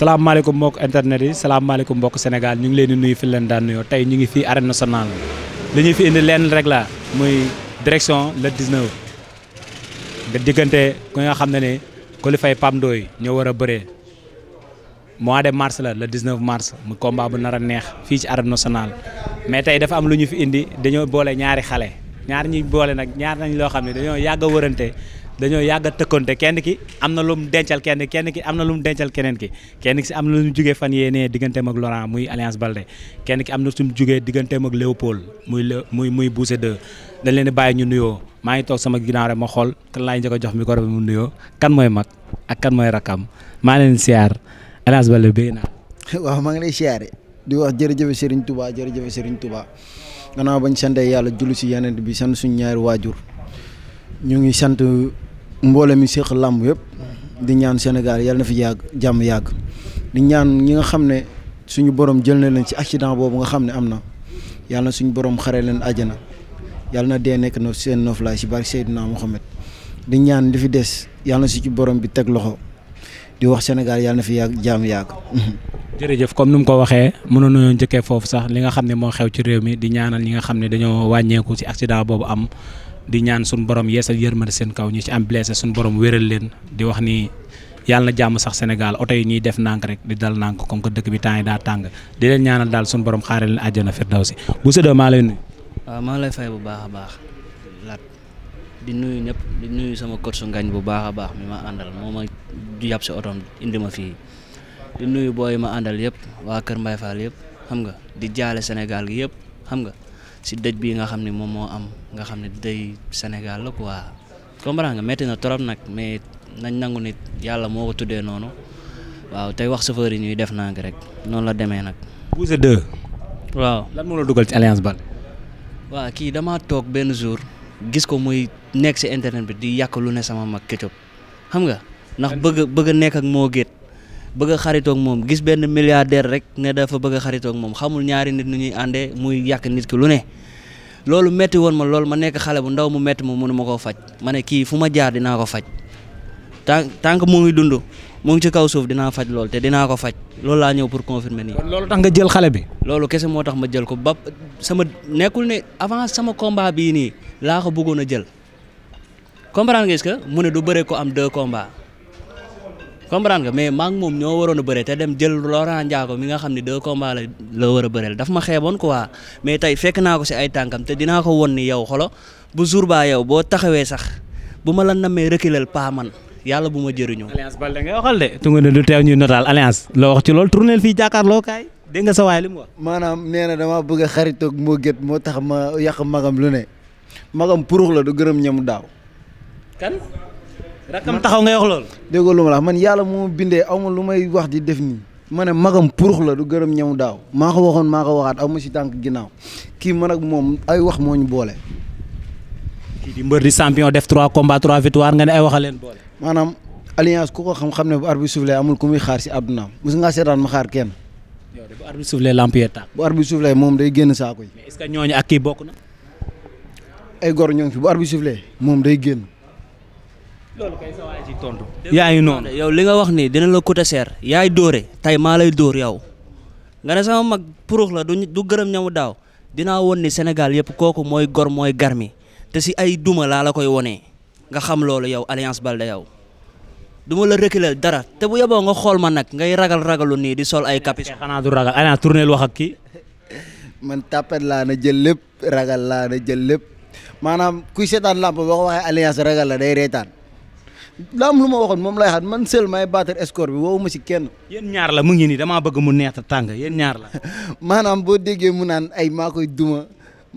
salaamaaleykum mbokk internet yi salaamaaleykum mbokk Sénégal ñu ngi leen di nuyu fi leen daan nuyoo tey ñu ngi fi arène nationale li ñuy fi indi leen rek la muy direction le 19 nga diggante ku nga xam ne ne qualifié Pape Ndoye ñoo war a bëree mois de mars la la le 19 mars mu combat bu nar neex fii ci arène nationale mais tey dafa am lu ñu fi indi dañoo boole ñaari xale ñaar ñi boole nag ñaar nañ loo xam ne dañoo yàgg a wërante dañoo yàgg a tëkkonte kenn ki am na lu mu dencal kenn kenn ki am na lu mu dencal keneen ki kenn ki si am na lu mu jugee fan yee nee digganteem ak Laurent muy Alliance Baldé kenn ki am na sumu jugee digganteem ak Léopold muy muy muy Bousse 2 dañ leen bàyyi ñu nuyoo maa ngi toog sama ginnaaw rek ma xool kan laay njëkk a jox micro bi mu nuyoo kan mooy mag ak kan mooy rakam maa leen siyaar Alliance Baldé bëgg naa. waaw maa ngi lay siyaare di wax jërëjëf Serigne Touba jërëjëf Serigne Touba gannaaw bañ sante yàlla julli si yeneen bi sant suñu ñaari waajur mboole mi séq làmb yëpp di ñaan Sénégal yàlla na fi yàgg jàmm yàgg di ñaan ñi nga xam ne suñu borom jël na leen ci accident boobu nga xam ne am na yàlla na suñu borom xare leen àjjana yàlla na dee nekk na seen noflaay si barke Seydina Mohamed di ñaan li fi des yàlla si ci borom bi teg loxo di wax Sénégal yàlla na fi yàgg jàmm yàgg. jërëjëf comme nu mu ko waxee mënoon nañoo njëkkee foofu sax li nga xam ne moo xew ci réew mi di ñaanal ñi nga xam ne dañoo wàññeeku si accident boobu am. di ñaan suñu borom yeesal yërmande seen kaw ñi ci am blessé suñu borom wéral leen di wax ni yàlla na jàmm sax Sénégal oto yi ñuy def nànk rek di dal nànk comme que dëkk bi temps yi daa tàng di leen ñaanal daal suñu borom xaare leen àjjana firdawsi bu sëddoo maa lay nuyu. waaw maa lay fay bu baax a baax laat di nuyu ñëpp di nuyu sama coach Ngagne bu baax a baax mi ma àndal moo ma yàpp si otoom indi ma fii di nuyu booy ma àndal yëpp waa Kër Mbaye Fall yëpp xam nga di jaale Sénégal yëpp xam nga. si dëj bi nga xam ne moom moo am nga xam ne dëj Sénégal la quoi comprendre nga métti na trop nag mais nañ nangu nit yàlla moo ko tuddee noonu waaw tey wax chauffeur yi ñuy def naa rek noonu la demee nag. Boucher 2. waaw dugal ci Alliance Baldé. waaw kii dama toog benn jour gis ko muy nekk si internet bi di yàq lu ne sama mag Ketchup xam nga ndax bëgg bëgg nekk ak moo géet bëgg a xaritoog moom gis benn milliardaire rek ne dafa bëgg a xaritoog moom xamul ñaari nit nu ñuy àndee muy yàq nit ki lu ne loolu metti woon ma loolu ma nekk xale bu ndaw mu metti ma mënu ma koo faj ma ne kii fu ma jaar dinaa ko faj tant tant que mu dund mu ci kaw suuf dinaa faj loolu te dinaa ko faj loolu laa ñëw pour confirmer nii. loolu tax nga jël xale bi. loolu kese moo tax ma jël ko ba sama nekkul ne avant sama combat bii nii laa ko bëggoon a jël comprendre nga est mu ne du bëre ko am deux combats. comprendre nga mais maa moom ñoo waroon a bëre te dem jël Laurent Ndiago mi nga xam ne deux combats la loo war a bëreel daf ma xeeboon quoi mais tey fekk naa ko si ay tànkam te dinaa ko won ni yow xolo bu jour baa yow boo taxawee sax bu ma la namee reculel paa man yàlla bu ma jëriñoo. alliance Balde nga waxal de. tungu ne du teew ñuy notaal alliance. loo loolu tournel fii jàkkaarloo kaay. dégg nga sa waay li mu wax. maanaam nee na damaa bëgg a xaritoog moo moo tax ma yàq magam lu magam purux la du gërëm ñamu daaw. rakam taxaw nga wax lool déggoo lu ma la man yàlla moo bindee aw ma lu may wax di def nii. ma magam purux la du gërëm ñëw daaw maa ko waxoon maa ko waxaat aw ma si tànk ginnaaw kii man ak moom ay wax moo ñu boole. kii di mbër di champion def 3 combats 3 victoires nga ne ay waxaleen boole. maanaam alliance ku ko xam-xam ne bu arbitre soufflé amul ku muy xaar si àddunaam mos ngaa seetaan ma xaar kenn. yow de bu arbitre soufflé lampier tàkk. bu arbitre soufflé moom day génn saako yi. mais est que ñooñu ak kii bokk na. ay ñoo ngi fi bu arbitre soufflé moom day génn. loolu kay sa yaa ngi noonu yow li nga wax nii dina la coûter cher yaay dóore tey maa lay dóor yow nga ne sama mag puruux la du du gërëm ñamu daaw dina won ni senegal yëpp kooku mooy gor mooy garmi te si ay duma laa la koy wone nga xam loolu yow Alliance Baldé yow du ma la reculer dara te bu yeboo nga xool ma nag ngay ragal ragalu nii di sol ay kapis. xanaa du ragal kii. man tapet laa na jël lépp ragal laa na jël lépp maanaam kuy seetaan làmp boo ko waxee Alliance ragal la day reetaan. daa lu ma waxoon moom lay xaat man seul may battre score bi woowu ma si kenn. yen ñaar la mu ngi nii damaa bëgg mu neex tàng yen ñaar la. maanaam boo déggee mu naan ay maa koy duma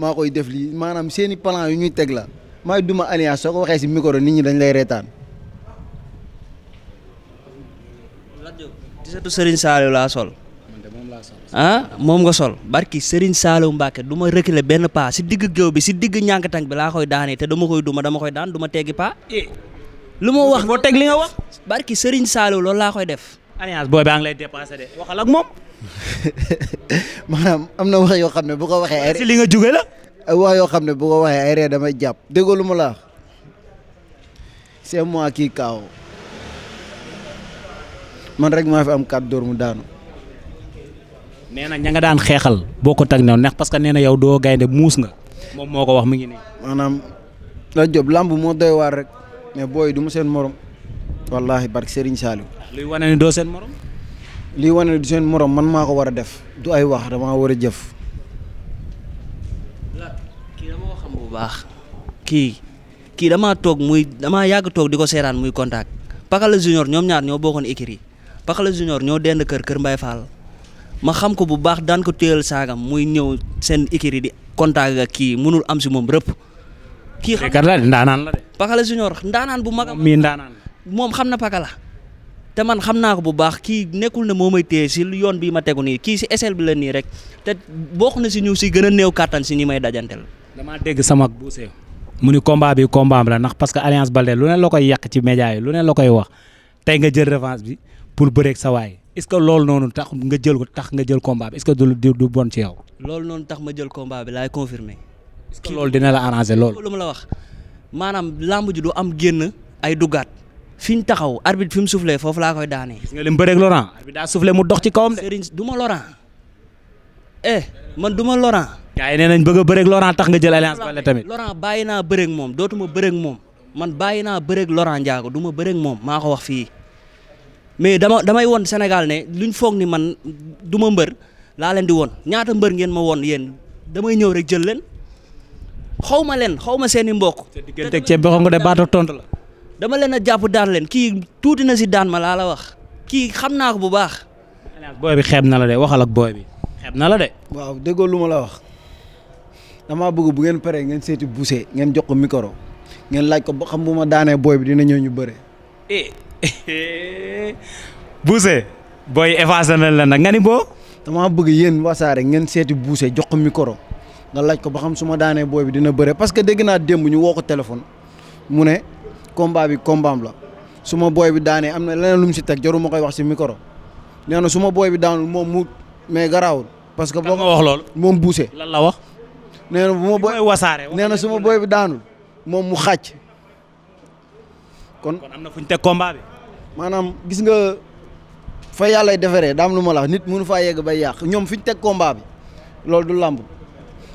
maa koy def lii maanaam seeni i yu ñuy teg la maay duma alliance soo ko waxee si micro ni ñu dañ lay reetaan. surtout Serigne Saliou sol. ah moom nga sol barki Serigne Saliou Mbacke du ma reculer benn pas si digg géew bi si digg ñànkatang bi laa koy daanee te dama koy duma dama koy daan du ma teggi lu ma wax boo teg li nga wax. barki sëriñ Saliou loolu laa koy def. alliance booy baa ngi lay dépassé de waxal ak moom. maanaam am na wax yoo xam ne boo ko waxee. si li nga jóge la. wax yoo xam ne bu ko waxee ay damay jàpp. déggoo lu ma la c'est moi qui kaaw man rek maa fi am kàddu dóor mu daanu. nee na ña nga daan xeexal boo ko teg new neex parce que nee na yow doo gaynde muus nga. moom moo ko wax mi ngi nii. maanaam la job lamb moo doy waar rek. mais booy du mu seen morom. wallaahi barke Serigne Saliou. luy wane ni doo seen morom. liy wane du seen morom man maa ko war a def. du ay wax damaa war a jëf. kii dama ko bu baax. kii kii damaa toog muy damaa yàgg toog di ko seeraan muy contact. Pakala Junior ñoom ñaar ñoo bokkoon écurie Pakala Junior ñoo dend kër kër Mbaye Fall. ma xam ko bu baax daan ko téyal saagam muy ñëw seen écurie di contact ak kii mënul am si moom rëpp. kii xam nga ndaanaan la de. Pakala Junior ndaanaan bu mag a. mii ndaanaan moom xam na Pakala. te man xam naa ko bu baax kii nekkul na moo may téye si yoon bii ma tegu nii kii si échelle bi la nii rek te bokk na si ñu si gën a néew kàttan si ñi may dajantel. damaa dégg sama buuse mu ni combat bi combat am la ndax parce que Alliance Baldé lu ne la koy yàq ci média yi lu ne la koy wax tey nga jël revanche bi pour bëreeg sa waay est-ce que loolu noonu tax nga jël ko tax nga jël combat bi est-ce ci yow. noonu tax ma jël combat bi laay confirmer. est-ce que loolu dina la arranger loolu. lu ma la wax maanaam làmb ji du am génn ay duggaat fi ñu taxaw arbitre fi mu soufflé foofu laa koy daanee. gis nga lim bëreeg Laurent. arbitre mu dox ci kawam de. Serigne du ma Laurent eh, man du ma Laurent. gars yi nee nañ bëgg a bëreeg Laurent nga jël alliance Baldé tamit. Laurent bàyyi naa bëreeg moom dootuma bëreeg moom man bàyyi naa bëreeg Laurent Ndiago du ma bëreeg moom maa ko wax fii mais dama damay won Sénégal ne luñ foog ni man du ma mbër laa leen di won ñaata mbër ngeen ma won yéen damay ñëw rek jël xaw ma leen xaw ma seen i mbokk. te digganteeg ceeb bi xam nga de baat tontu la. dama leen a jàpp daan leen kii tuuti na si daan ma laa la wax kii xam naa ko bu baax. booy bi xeeb na la de waxal ak booy bi na la de. waaw déggoo lu ma la wax damaa bëgg bu ngeen paree ngeen seeti buuse ngeen jox ko micro ngeen laaj ko ba xam bu ma daanee booy bi dina ñëw ñu bare eh, Bousse booy effacé na la nag nga ni boo. damaa bëgg yéen wasaare ngeen seeti buuse jox mikoro nga laaj ko ba xam su ma daanee booy bi dina bëre parce que dégg naa démb ñu woo ko téléphone mu ne combat bi combat la su ma booy bi daanee am na leneen lu mu si teg jarul koy wax si micro nee na su booy bi daanul moom mu mais garaawul. parce que boo ko wax moom buuse. lan la wax. nee na bu ma wasaare. nee na su ma bi daanul moom mu xàcc. kon kon am na fu ñu teg combat bi. maanaam gis nga fa yàllay defaree daam lu ma la wax nit munu faa yegg bay yàq ñoom fi ñu teg kombaa bi loolu du làmb.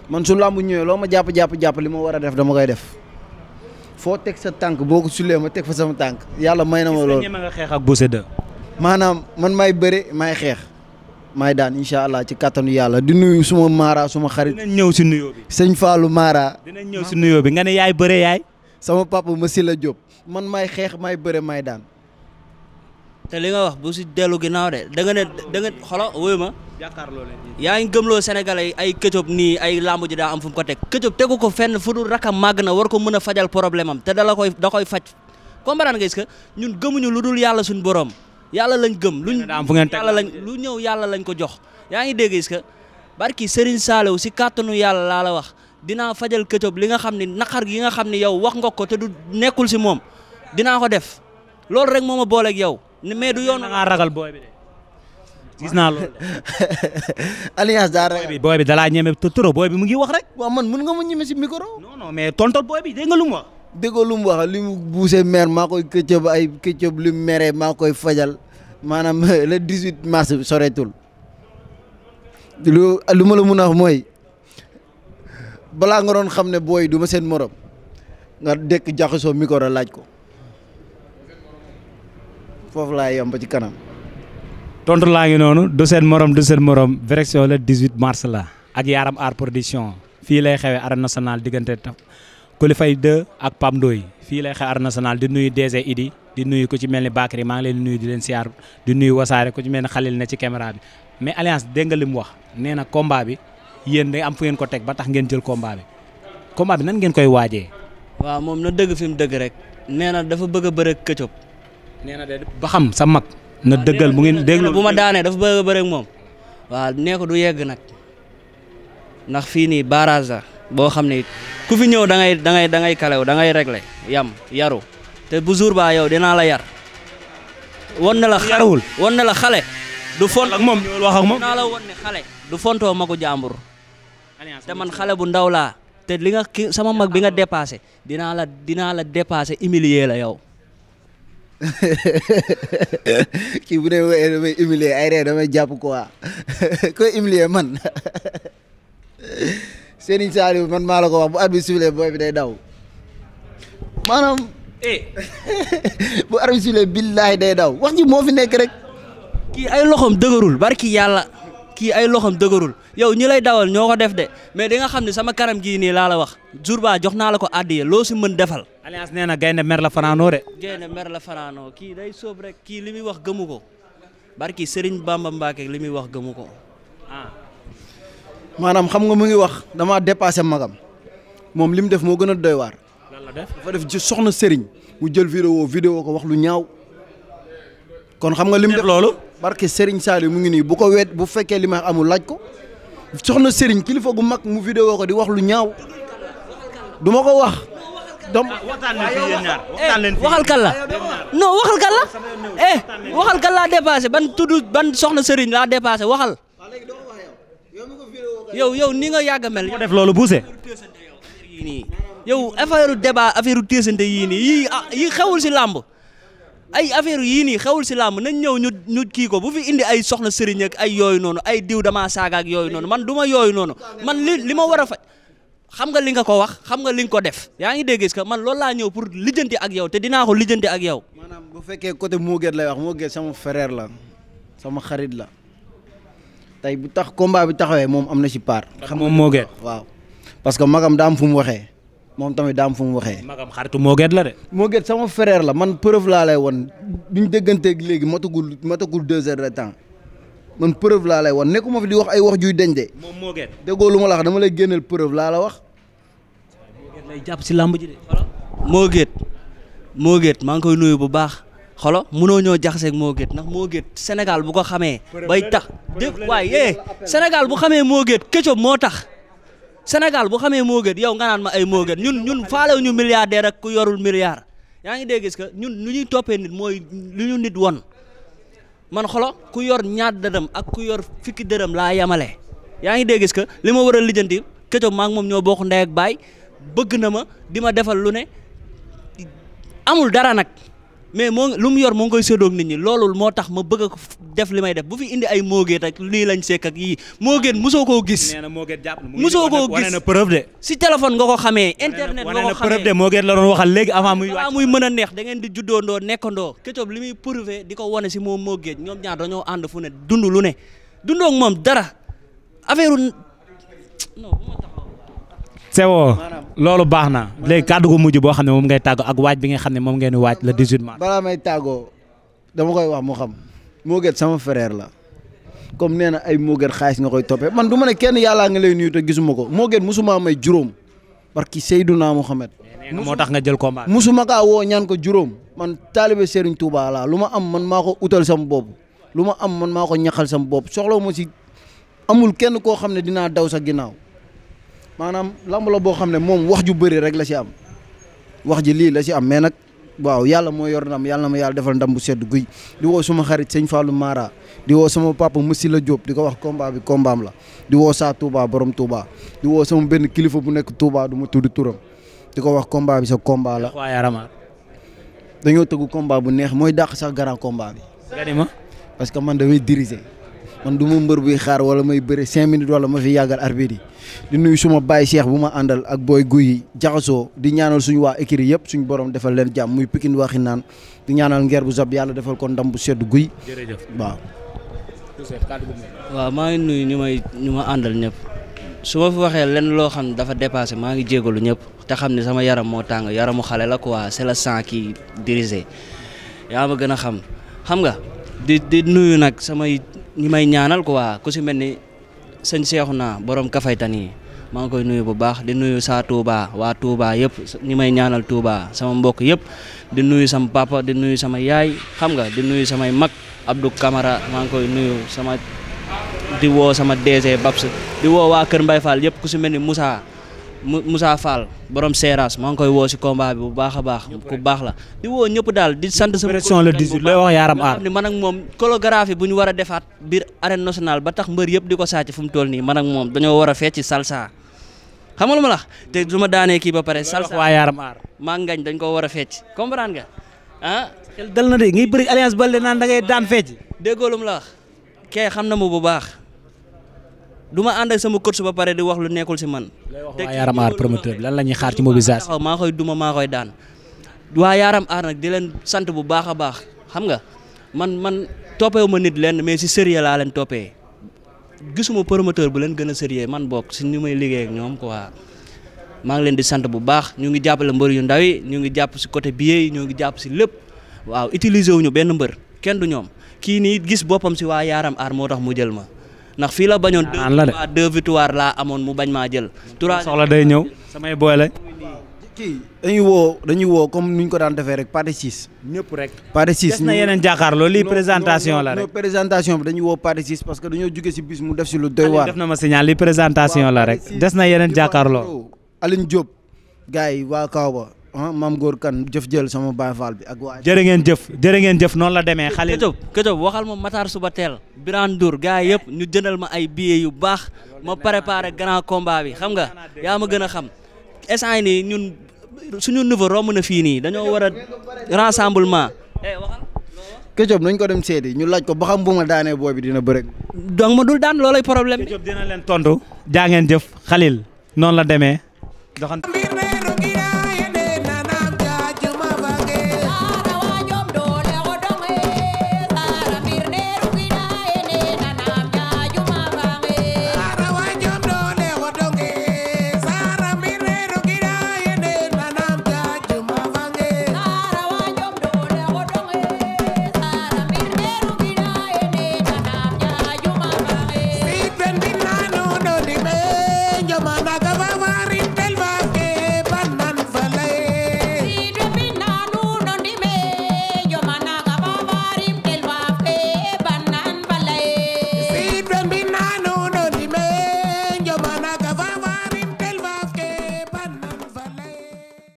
man su làmb ñëwee loo ma jàpp jàpp jàpp li ma war a def dama koy def foo teg sa tànk boo ko sulee ma teg fa sama tànk yàlla may na ma loolu. xeex ak Boucher 2. maanaam man may bëre may xeex may daan incha allah ci kattanu yàlla di nuyu suma Mara suma xarit. dinañ ñëw si nuyoo sëñ Fallou Mara. dinañ ñëw si nuyoo bi nga ne yaay bëre yaay. sama papa Massila Diop man may xeex may bëre may daan. te li nga wax bu si dellu ginnaaw de da nga ne da nga xolo wóyu yaa ngi gëmloo Sénégalais yi ay Ketchup nii ay lamb ji daa am fu mu ko teg Ketchup tegu ko fenn fu dul rakam màgg na war ko mën a fajal problème am te da ko koy faj koy faj comprendre nga est-ce que ñun gëmuñu lu dul yàlla suñu borom yàlla lañ gëm luñ yàlla lañ lu ñëw yàlla lañ ko jox yaa ngi dégg est-ce que barki Serigne Saliou si kàttanu yàlla laa la wax dinaa fajal Ketchup li nga xam ne naqar gi nga xam ne yow wax nga ko te du nekkul si moom dinaa ko def loolu rek moo ma booleeg yow mais du yoon nga ragal booy bi de gis naa loolu alliance daa ragal booy bi dalaa ñeme trop booy bi mu ngi wax rek. waaw man mun nga ma ñeme si mikoro non non mais tontal booy bi dégg nga lu mu wax. déggoo lu mu wax li mu buuse mer maa koy këccëb ay këccëb li mu meree maa koy fajal maanaam le 18 mars soreetul lu lu ma la mun a wax mooy balaa nga doon xam ne booy du ma seen morom nga dekk jaxasoo micro laaj ko. foofu laa yem ba ci kanam. tontu laa ngi noonu du seen morom du seen morom direction le 18 mars la ak Yaram Art Production fii lay xewee arène nationale di nuyu DG Idi di nuyu ku ci mel ni Bakary maa ngi leen di nuyu di leen siyaar di nuyu wasaare ku ci mel ni Khalil ne ci caméra bi mais alliance dégg wax nee na bi yéen day am fu ngeen ko teg ba tax ngeen jël combat bi combat bi nan ngeen koy waajee. waaw moom na dëgg fi mu dëgg rek nee a nee na ba xam sa mag. na ah, dëggal bu ngeen déglu bu ma daanee dafa bëgg a moom. waaw nee ko du yegg nag ndax fii nii barrage boo xam ne ku fi ñëw da da da ngay kalew dangay ngay réglé yam yaru te bu jour ba yow dinaa la yar. won na la xarewul won na la xale. du font moom ñëwal wax ak moom fontoo magu jàmbur. te man xale bu ndaw laa. te li nga ki sama mag bi nga dépassé dinaa la dinaa la la yow. kii bu dee wooyee damay humilier ay ree damay jàpp quoi koy man Serigne Saliou man maa la bu at bi sifflé booy bi day daw maanaam eh. bu at bi sifflé billaahi day daw wax ji moo nekk rek kii ay loxoom dëgërul barki yàlla kii ay loxam dëgërul yow ñi lay dawal ñoo ko def de mais di nga xam ne sama kanam gii nii laa la wax jour ba jox naa la ko àddiye loo si mën defal. alliance nee na gaynde meer la fanaanoo de. gaynde mer la fanaanoo kii day sóob rek kii li muy wax gëmu ko barki Serigne Bamba Mbacke li muy wax gëmu ko ah. maanaam xam nga mu ngi wax damaa dépassé magam moom li mu def moo gën a doy waar. lan la def dafa def ci soxna Serigne mu jël vidéo vidéo ko wax lu ñaaw. kon xam nga li barke Serigne Saliou mu ngi nii bu ko wet bu fekkee li ma amul soxna Serigne kilifa gu mag mu vidéo ko di wax lu ñaaw du ma ko wax. donc ah, waxtaan leen fii yéen ñaar eh, waxtaan leen waxal kan la waxal kan la eh ban tudd ban soxna Serigne laa dépassé waxal. yow yow ni nga mel. def loolu buuse. yow affaire débat affaire téesante yii ah, yii xewul si làmb. ay affaire yii nii xewul si làmb nañ ñëw ñu ñu kii ko bu fi indi ay soxna sëriñ ak ay yooyu noonu ay diw damaa saaga yooyu noonu man du yooyu noonu man li li ma war a faj xam nga li nga ko wax xam nga li nga ko def yaa ngi dégg gis ka man loolu laa ñëw pour lijjanti ak yow te dinaa ko lijjanti ak yow. maanaam bu fekkee côté Moguet lay wax Moguet sama fereer la sama xarit la tey bu tax combat bi taxawee moom am na si part. xam nga moom waaw parce que magam daam am fu mu waxee. moom tamit daam fu mu waxee. magam xaritu Moget la de. Moget sama frère la man preuve laa lay wan biñ dégganteeg léegi matagul matagul deux heures de temps man preuve laa lay wan nekkuma fi di wax ay wax juy deñ de. moom Moget déggoo lu ma la wax dama lay génneel preuve laa la wax. Moget lay jàpp si làmb ji de. Moget maa ngi koy nuyu bu baax xolo mënoo ñoo jaxaseeg Moget ndax Moget Sénégal bu ko xamee. bay tax dégg waaye eh, Sénégal bu xamee Moget Ketchup moo tax. senegal bu xamee moo gën yow nga naan ma ay moo ñun ñun faalew ñu milliardaire ak ku yorul milliard yaa ngi dégg gis que ñun lu ñuy toppee nit mooy lu ñu nit won man xolo ku yor ñaar dërëm ak ku yor fukki dërëm laa yemale yaa ngi dégg gis que li ma war a lijjanti Ketchup maa moom ñoo bokk ndey ak baay bëgg na ma di ma defal lu ne amul dara nag. mais moo lu mu yor moo ngi koy séddoog nit ñi loolu moo tax ma bëgg a def li may def bu fi indi ay moogéet ak lii lañ sekk ak yii moogéet mosoo koo gis. nee na moogéet jàpp na mosoo koo gis wane na preuve de. si téléphone nga ko xamee. internet nga ko xamee wane na preuve de moogéet la doon waxal léegi avant muy. avant muy mën a neex da ngeen di juddoondoo nekkandoo. Ketchup li muy prouvé di ko wane si moom moogéet ñoom ñaar dañoo ànd fu ne dund lu ne dundoo ak moom dara affaire non bu ma tax Seo loolu baax na léegi kàddu gu mujj boo xam ne moom ngay tàggoo ak waaj bi nga xam ne moom ngeen di la le 18 mars. balaa may tàggoo dama koy wax mu xam moo gën sama frère la comme nee na ay moo gën xaalis nga koy toppee man du ma ne kenn yàlla nga lay nuyu te gisuma ko moo gën musuma may juróom barki Seydouna Mohamed. moo tax nga jël combat. musuma kaa woo ñaan ko juróom man taalibe Serigne Touba laa lu ma am man maa ko utal sama bopp lu ma am man maa ko ñaxal sama bopp soxla ma si amul kenn koo xam ne dinaa daw sa ginnaaw. maanaam lamb boo xam ne moom wax ju bëri rek la ci am wax ji lii la si am mais nag waaw yàlla mooy yor ndam yàlla na ma yàlla defal ndam bu sedd guy di woo suma xarit sëñ faalu Mara di woo sama papa Moussi la Diop di ko wax combat bi combaam la di woo saa borom Touba di sama benn kilifa bu nekk Touba du ma tudd turam di ko wax combat bi sa combat la. Ah. dañoo tëgg combat bu neex mooy dàq sax garaa combat parce que man damay diriger. man du ma mbër buy xaar wala may bëri cinq minutes wala ma fi yàggal arbitre yi di nuyu suma baay Cheikh bu ma àndal ak booy guy jaxasoo di ñaanal suñu waa écurie yëpp suñu borom defal leen jàmm muy Pikine waxi naan di ñaanal ngeer bu zab yàlla defal ko ndam bu sedd guy. jërëjëf waaw. waaw maa ngi nuyu ñu may ñu ma àndal ñëpp su ma fi waxee lenn loo xam dafa dépassé maa ngi jégalu ñëpp te xam ne sama yaram moo tàng yaramu xale la ko waa le sang qui kii yaa ma gën a xam ñi may ñaanal quoi ku si mel ni sëñ Seexuna borom kafaytan yi maa ngi koy nuyu bu baax di nuyu saa Touba waa Touba yëpp ñi may ñaanal Touba sama mbokk yëpp di nuyu sama papa di nuyu sama yaay xam nga di nuyu samay mag Abdou Camara maa ngi koy nuyu sama di woo sama DG Babs di woo waa Kër Mbaye Fall yëpp ku si mel ni Moussa. Moussa Fall borom Seras maa ngi koy woo si combat bi bu baax a baax ku baax la di woo ñëpp daal di sant sama pression le 18 lay wax yaaram aar man moom chorégraphie bu ñu war a defaat biir arène nationale ba tax mbër yëpp di ko sàcc fu mu toll nii man moom dañoo war a fecc salsa xam nga lu ma la te du ma daanee kii ba pare salsa waa yaaram aar maa ngañ dañ ko war a fecc comprendre nga ah dal na de ngay bëri alliance Baldé naan da daan fecc déggoo lu la wax kee xam na ma bu baax du ma ànd ak sama coach ba pare di wax lu nekkul si man. teg waa Yaram Aar promoteur bi la ñuy xaar ci mobilisation. maa koy duma maa koy daan waa Yaram Aar di leen sant bu baax a baax xam nga man man toppewu ma nit leen mais si sérieux laa leen toppee gisuma promoteur bu leen gën a sérieux man bokk si ñu may liggéey ak ñoom quoi. maa ngi leen di sant bu baax ñu ngi jàppale mbër yu ndaw yi ñu ngi jàpp si côté billet yi ñu ngi jàpp si lépp waaw utiliser wuñu benn mbër kenn du ñoom kii nii gis boppam si waa yaaram Aar moo tax mu jël ma. ndax fii la bañoon. ah deux victoire laa amoon mu bañ maa jël. trois soxla day ñëw samay boole. kii dañuy woo dañuy woo comme ni ñu ko daan defee rek partie 6. ñëpp rek partie 6 des na yeneen jàkkaarloo lii présentation la rek présentation bi dañuy woo partie 6 parce que dañoo jóge si bis mu def si lu doy waar. def na ma signal lii présentation la rek des na yeneen jàkkaarloo. Aline Diop gars yi waa Kaaba. ah maam góor kan jëf jël sama baay faal bi ak waa. jërë ngeen jëf jërë ngeen jëf noonu la demee. xale këtëb këtëb waxal ma Matar suba teel. Birane Ndour gars yëpp ñu jënal ma ay billets yu baax ma préparé grand komba bi xam nga yaa ma gën a xam instant nii ñun suñu niveau romb na fii nii dañoo war a rassemblement. Eh, këtëb nañ ko dem seeti ñu laaj ko ba xam bu ma daanee booy bi dina bëre. donc ma dul daan loolay problème bi. këtëb jëf Khalil noonu la demee.